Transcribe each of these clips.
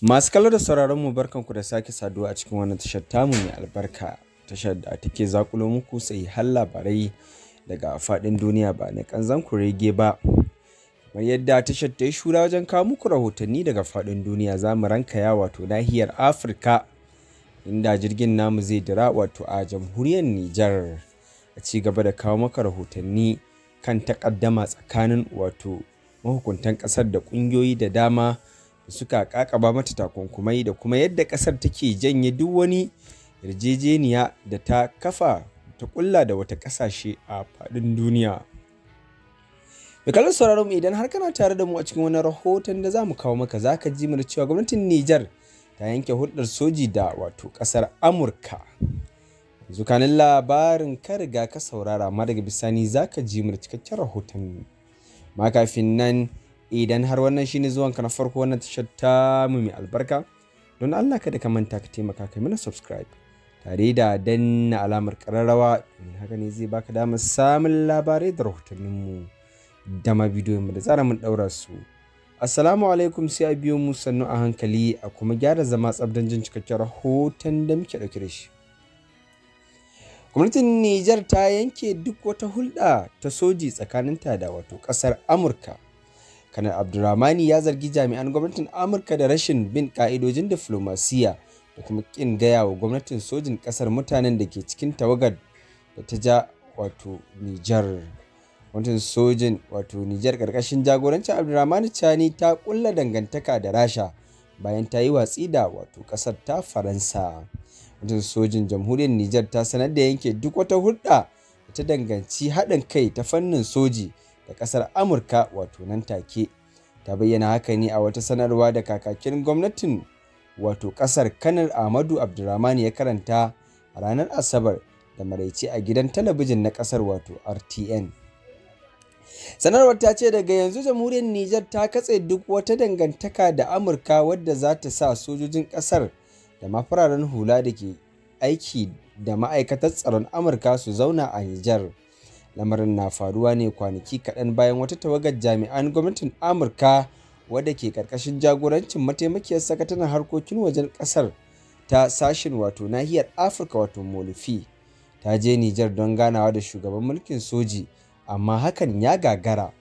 Masu kallo da sauraron mu barkanku da sake saduwa a cikin wani tashar tamu mai albarka tashar da take zakulo muku sai har labarai daga faɗin duniya ba na kanzan kurege ba kamar yadda tashar ta yi shura wajen kawo muku rahotanni daga faɗin duniya za mu rankaya wato nahiyar afirka inda jirgin namu zai dira wato a jamhuriyar nijar a ci gaba da kawo maka rahotanni kan takaddama tsakanin wato mahukuntan ƙasar da ƙungiyoyi da dama da suka ƙaƙaba mata takunkumai da kuma yadda ƙasar take janye duk wani yarjejeniya da ta kafa ta ƙulla da wata ƙasashe a faɗin duniya. Mai kallon sauraron mu idan har kana tare da mu a cikin wani rahoton da za mu kawo maka zaka ji mu da cewa gwamnatin Nijar ta yanke hulɗar soji da wato ƙasar Amurka. Yanzu kanin labarin ka riga ka saurara ma daga bisani zaka ji mu da cikakken rahoton. Ma kafin nan idan har wannan shine zuwanka na farko wannan tashar ta mu mai albarka don Allah kada ka manta ka taimaka kai mana subscribe tare da danna alamar ƙararrawa domin haka ne zai baka damar samun labarai da rahotanninmu. da ma bidiyoyinmu da tsara mun ɗaura su. Assalamu alaikum sai a biyo mu sannu a hankali a kuma gyara zama tsabdan jin cikakken rahoton da muke ɗauke da shi. Gwamnatin Nijar ta yanke duk wata hulɗa ta soji tsakaninta da wato ƙasar Amurka. Kanar Abdulrahmani ya zargi jami'an gwamnatin Amurka da rashin bin ƙa'idojin diflomasiya da kuma ƙin gaya wa gwamnatin sojin ƙasar mutanen da ke cikin tawagar da ta ja wato Nijar. gwamnatin sojin wato Nijar karkashin jagorancin Abdulrahman Chani ta kulla dangantaka da Rasha bayan ta yi watsi da wato kasar ta Faransa. Gwamnatin sojin jamhuriyar Nijar ta sanar da yanke duk wata hulɗa da ta danganci haɗin kai ta fannin soji da kasar Amurka wato nan take. Ta bayyana haka ne a wata sanarwa da kakakin gwamnatin wato kasar Kanar Ahmadu Abdulrahman ya karanta a ranar Asabar da maraice a gidan talabijin na kasar wato RTN. sanarwar ta ce daga yanzu jamhuriyar Nijar ta katse duk wata dangantaka da amurka wadda za ta sa sojojin kasar da mafararen hula da ke aiki da ma'aikatar tsaron amurka su zauna a Nijar. lamarin na faruwa ne kwanaki kaɗan bayan wata tawagar jami'an gwamnatin amurka wadda ke ƙarƙashin jagorancin mataimakiyar sakataren harkokin wajen ƙasar ta sashin wato nahiyar afirka wato molufi ta je nijar don ganawa da shugaban mulkin soji amma hakan ya gagara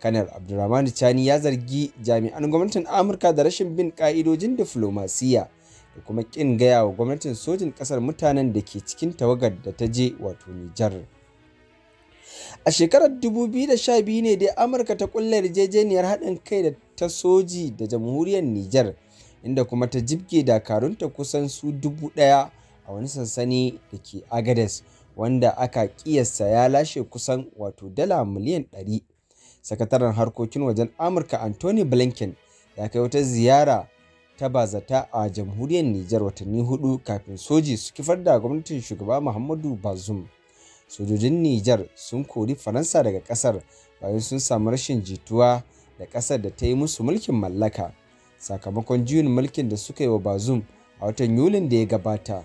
kanar abdulrahman chani ya zargi jami'an gwamnatin amurka da rashin bin ka'idojin diflomasiyya da kuma kin gaya wa gwamnatin sojin kasar mutanen da ke cikin tawagar da ta je wato nijar a shekarar 2012 ne dai amurka ta kulle yarjejeniyar haɗin kai da ta soji da jamhuriyar nijar inda kuma ta jibge dakarunta kusan su dubu ɗaya a wani sansani da ke agades wanda aka kiyasta ya lashe kusan wato dala miliyan 100 sakataren harkokin wajen amurka anthony blinken ya kai wata ziyara ta bazata a jamhuriyar Niger watanni hudu kafin soji su kifar da gwamnatin shugaba muhammadu bazoum sojojin Niger sun kori faransa daga kasar bayan sun samu rashin jituwa da kasar da ta yi musu mulkin mallaka sakamakon juyin mulkin da suka yi wa bazum a watan yulin da ya gabata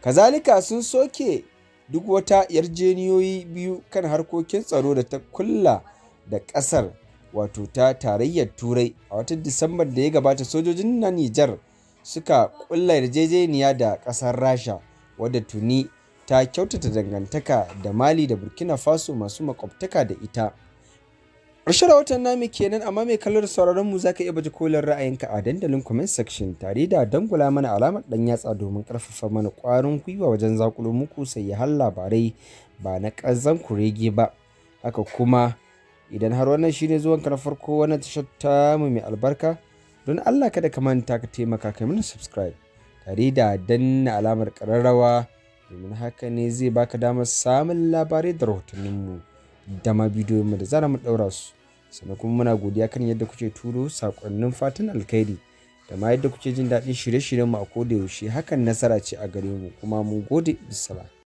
kazalika sun soke duk wata yarjeniyoyi biyu kan harkokin tsaro da ta kulla da ƙasar wato ta tarayyar turai a watan disambar da ya gabata sojojin na nijar suka kulla yarjejeniya da ƙasar rasha wadda tuni ta kyautata dangantaka da mali da burkina faso masu makwabtaka da ita Ƙarshen watan nami kenan amma mai kallon da sauraron mu zaka iya baje kolin ra'ayinka a dandalin comment section tare da dangula mana alamar dan yatsa domin karfafa mana kwarin gwiwa wajen zakulo muku sai ya har labarai ba na kazan kurege ba. Haka kuma idan har wannan shine zuwan ka na farko wannan tashar ta mu mai albarka don Allah kada ka manta ka taimaka ka mana subscribe tare da danna alamar ƙararrawa domin haka ne zai baka damar samun labarai da rahotanninmu. mu. da ma bidiyoyinmu da zara mu ɗaura su sannan kuma muna godiya kan yadda kuke turo sakonnin fatan alkhairi da ma yadda kuke jin daɗin shirye-shiryenmu a koda yaushe hakan nasara ce a gare mu kuma mun gode bisala